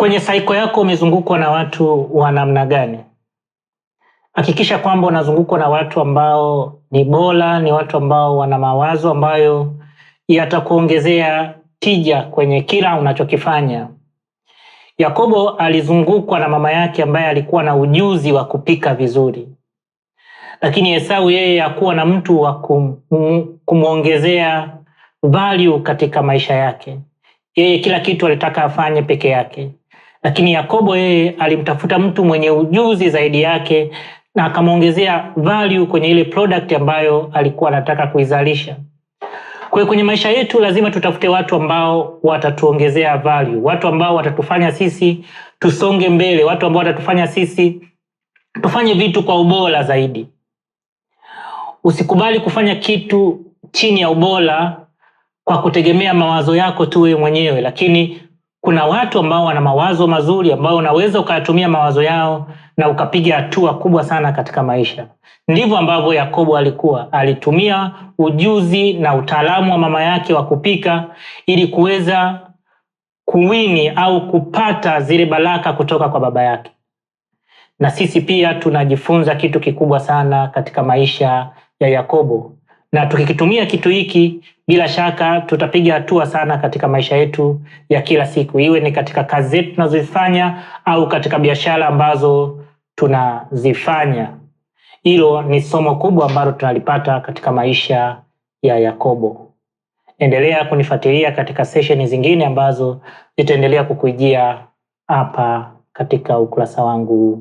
kwenye saiko yako umezungukwa na watu wa namna gani hakikisha kwamba unazungukwa na watu ambao ni bora ni watu ambao wana mawazo ambayo yatakuongezea tija kwenye kila unachokifanya yakobo alizungukwa na mama yake ambaye alikuwa na ujuzi wa kupika vizuri lakini esau yeye akuwa na mtu wa kumwongezea value katika maisha yake yeye kila kitu alitaka afanye peke yake lakini Yakobo yeye alimtafuta mtu mwenye ujuzi zaidi yake na akamwongezea value kwenye ile product ambayo alikuwa anataka kuizalisha. kwayo kwenye maisha yetu lazima tutafute watu ambao watatuongezea value, watu ambao watatufanya sisi tusonge mbele, watu ambao watatufanya sisi tufanye vitu kwa ubora zaidi. Usikubali kufanya kitu chini ya ubora kwa kutegemea mawazo yako tu wewe mwenyewe, lakini kuna watu ambao wana mawazo mazuri ambao unaweza ukayatumia mawazo yao na ukapiga hatua kubwa sana katika maisha. Ndivyo ambavyo Yakobo alikuwa alitumia ujuzi na utaalamu wa mama yake wa kupika ili kuweza kuwini au kupata zile baraka kutoka kwa baba yake. Na sisi pia tunajifunza kitu kikubwa sana katika maisha ya Yakobo na tukikitumia kitu hiki bila shaka tutapiga hatua sana katika maisha yetu ya kila siku, iwe ni katika kazi zetu tunazozifanya au katika biashara ambazo tunazifanya. Hilo ni somo kubwa ambalo tunalipata katika maisha ya Yakobo. Endelea kunifuatilia katika sesheni zingine ambazo zitaendelea kukujia hapa katika ukurasa wangu